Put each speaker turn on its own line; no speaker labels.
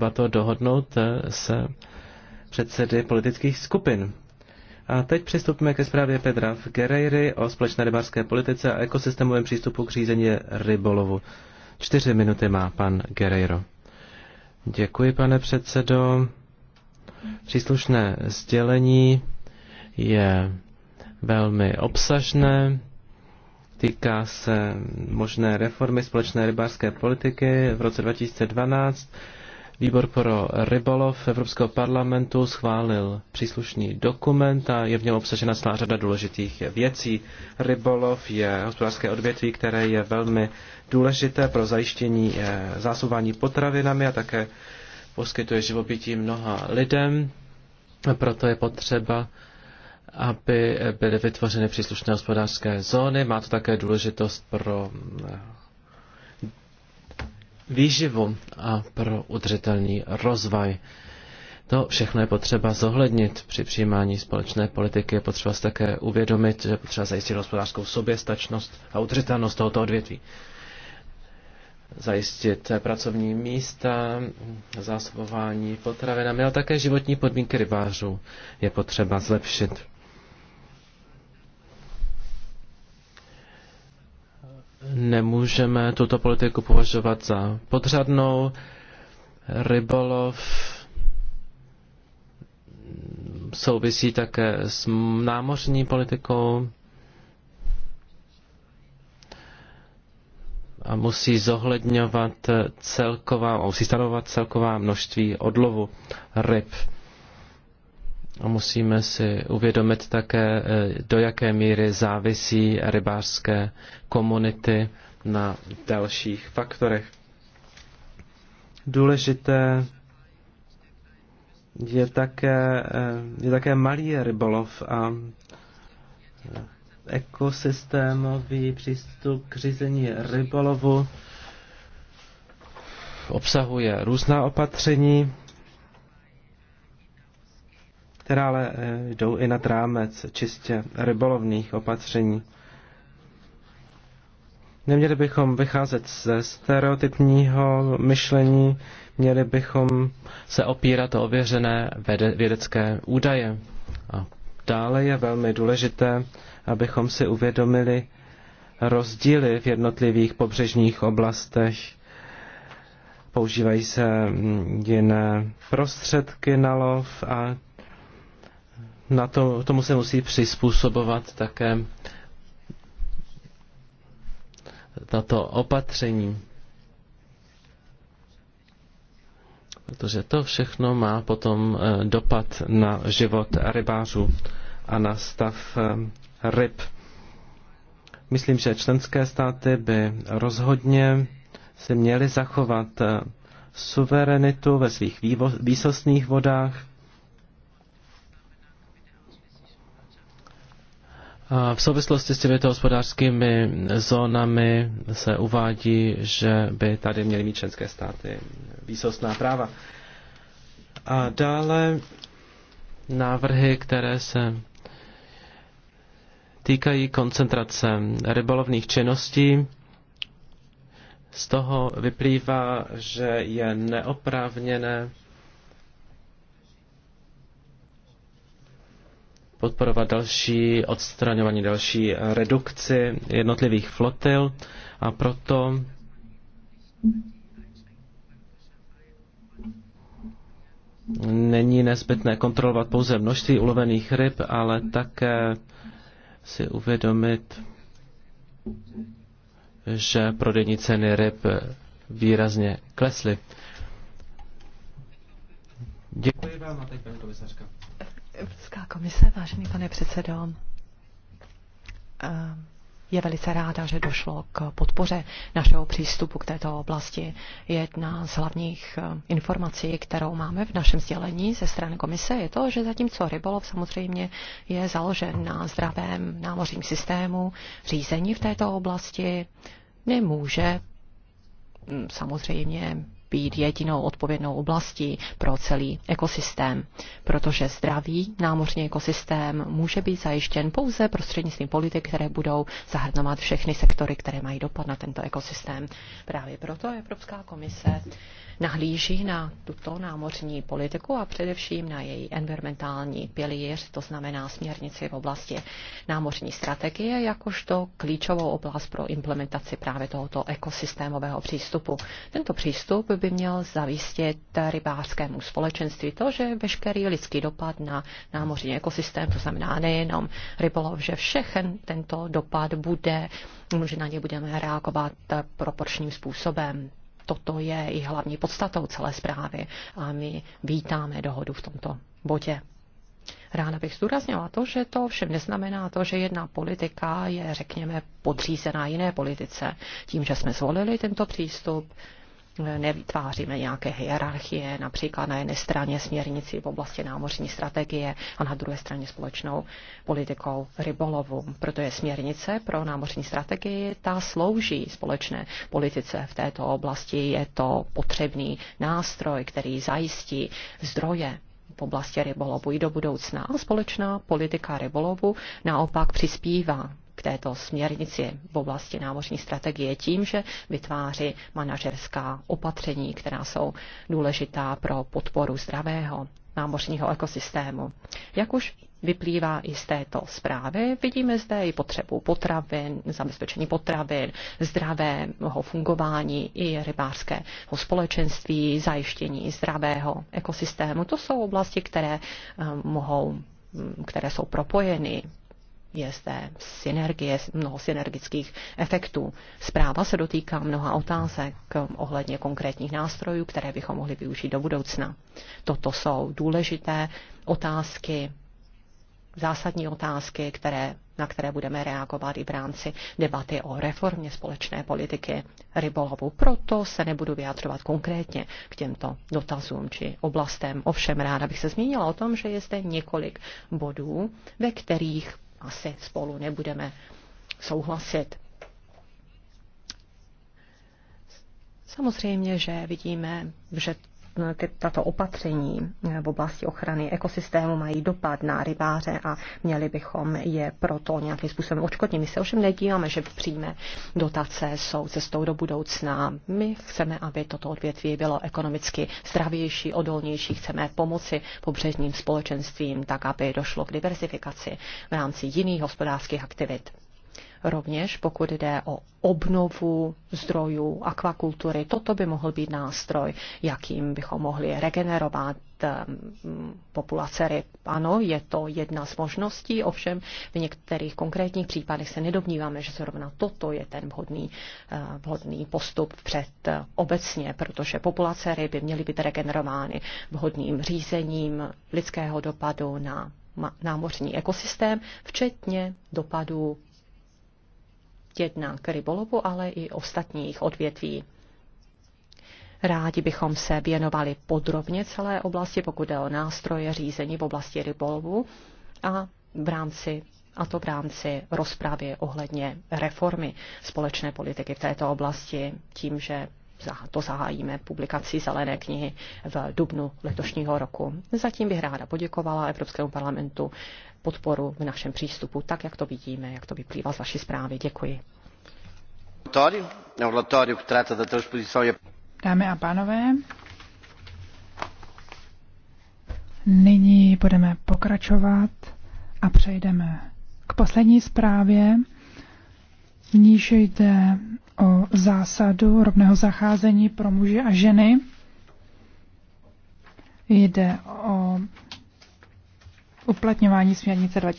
třeba to dohodnout eh, s předsedy politických skupin. A teď přistupme ke zprávě Pedra v Gerejry o společné rybářské politice a ekosystémovém přístupu k řízení rybolovu. Čtyři minuty má pan Gerejro. Děkuji, pane předsedo. Příslušné sdělení je velmi obsažné. Týká se možné reformy společné rybářské politiky v roce 2012. Výbor pro rybolov Evropského parlamentu schválil příslušný dokument a je v něm obsažena celá řada důležitých věcí. Rybolov je hospodářské odvětví, které je velmi důležité pro zajištění eh, zásobování potravinami a také poskytuje živobytí mnoha lidem. Proto je potřeba aby byly vytvořeny příslušné hospodářské zóny. Má to také důležitost pro eh, výživu a pro udržitelný rozvoj. To všechno je potřeba zohlednit při přijímání společné politiky. Je potřeba se také uvědomit, že potřeba zajistit hospodářskou soběstačnost a udržitelnost tohoto odvětví. Zajistit pracovní místa, zásobování potravinami, ale také životní podmínky rybářů je potřeba zlepšit. nemůžeme tuto politiku považovat za podřadnou. Rybolov souvisí také s námořní politikou a musí zohledňovat celková, musí stanovovat celková množství odlovu ryb. A musíme si uvědomit také, eh, do jaké míry závisí rybářské komunity na dalších faktorech. Důležité je také, eh, je také malý rybolov a eh, ekosystémový přístup k řízení rybolovu obsahuje různá opatření, která ale eh, jdou i nad rámec čistě rybolovných opatření. Neměli bychom vycházet ze stereotypního myšlení, měli bychom se opírat o ověřené vědecké údaje. A dále je velmi důležité, abychom si uvědomili rozdíly v jednotlivých pobřežních oblastech. Používají se mm, jiné prostředky na lov a na to, tomu se musí přizpůsobovat také tato opatření. Protože to všechno má potom eh, dopad na život rybářů a na stav eh, ryb. Myslím, že členské státy by rozhodně si měly zachovat eh, suverenitu ve svých výsostných vodách v souvislosti s těmito hospodářskými zónami se uvádí, že by tady měly mít členské státy výsostná práva. A dále návrhy, které se týkají koncentrace rybolovných činností. Z toho vyplývá, že je neoprávněné podporovat další odstraňování, další redukci jednotlivých flotil a proto není nezbytné kontrolovat pouze množství ulovených ryb, ale také si uvědomit, že prodejní ceny ryb výrazně klesly. Děkuji vám a teď paní komisařka.
Evropská komise, vážený pane předsedo, eh, je velice ráda, že došlo k podpoře našeho přístupu k této oblasti. Jedna z hlavních eh, informací, kterou máme v našem sdělení ze strany komise, je to, že zatímco rybolov samozřejmě je založen na zdravém námořním systému, řízení v této oblasti nemůže hm, samozřejmě být jedinou odpovědnou oblastí pro celý ekosystém, protože zdravý námořní ekosystém může být zajištěn pouze prostřednictvím politik, které budou zahrnovat všechny sektory, které mají dopad na tento ekosystém. Právě proto Evropská komise nahlíží na tuto námořní politiku a především na její environmentální pilíř, to znamená směrnici v oblasti námořní strategie, jakožto klíčovou oblast pro implementaci právě tohoto ekosystémového přístupu. Tento přístup by měl zavistit rybářskému společenství to, že veškerý lidský dopad na námořní ekosystém, to znamená nejenom rybolov, že všechen tento dopad bude, že na ně budeme reagovat proporčním způsobem. Toto je i hlavní podstatou celé zprávy a my vítáme dohodu v tomto bodě. Ráda bych zdůraznila to, že to všem neznamená to, že jedna politika je, řekněme, podřízená jiné politice. Tím, že jsme zvolili tento přístup, nevytváříme nějaké hierarchie, například na jedné straně směrnici v oblasti námořní strategie a na druhé straně společnou politikou rybolovu. Proto je směrnice pro námořní strategii, ta slouží společné politice v této oblasti. Je to potřebný nástroj, který zajistí zdroje v oblasti rybolovu i do budoucna. A společná politika rybolovu naopak přispívá k této směrnici v oblasti námořní strategie tím, že vytváří manažerská opatření, která jsou důležitá pro podporu zdravého námořního ekosystému. Jak už vyplývá i z této zprávy. Vidíme zde i potřebu potravin, zabezpečení potravin, zdravého fungování i rybářského společenství, zajištění zdravého ekosystému. To jsou oblasti, které eh, mohou mm, které jsou propojeny je zde synergie, mnoho synergických efektů. Zpráva se dotýká mnoha otázek ohledně konkrétních nástrojů, které bychom mohli využít do budoucna. Toto jsou důležité otázky, zásadní otázky, které, na které budeme reagovat i v rámci debaty o reformě společné politiky rybolovu. Proto se nebudu vyjadřovat konkrétně k těmto dotazům či oblastem. Ovšem ráda bych se zmínila o tom, že je zde několik bodů, ve kterých asi spolu nebudeme souhlasit. Samozřejmě, že vidíme, že ty, tato opatření v oblasti ochrany ekosystému mají dopad na rybáře a měli bychom je proto nějakým způsobem očkodnit. My se ovšem nedíváme, že přímé dotace jsou cestou do budoucna. My chceme, aby toto odvětví bylo ekonomicky zdravější, odolnější. Chceme pomoci pobřežním společenstvím tak, aby došlo k diversifikaci v rámci jiných hospodářských aktivit rovněž pokud jde o obnovu zdrojů akvakultury. Toto by mohl být nástroj, jakým bychom mohli regenerovat ehm, populace ryb. Ano, je to jedna z možností, ovšem v některých konkrétních případech se nedobníváme, že zrovna toto je ten vhodný, ehm, vhodný postup před eh, obecně, protože populace ryb by měly být regenerovány vhodným řízením lidského dopadu na námořní ekosystém, včetně dopadů jednak rybolovu, ale i ostatních odvětví. Rádi bychom se věnovali podrobně celé oblasti, pokud jde o nástroje řízení v oblasti rybolovu a v rámci a to v rámci rozpravy ohledně reformy společné politiky v této oblasti, tím, že to zahájíme publikací Zelené knihy v dubnu letošního roku. Zatím bych ráda poděkovala Evropskému parlamentu podporu v našem přístupu, tak jak to vidíme, jak to vyplývá z vaší zprávy. Děkuji.
Um e
Dámy a pánové,
nyní budeme pokračovat a přejdeme k poslední zprávě v níž jde o zásadu rovného zacházení pro muže a ženy. Jde o uplatňování směrnice 2000.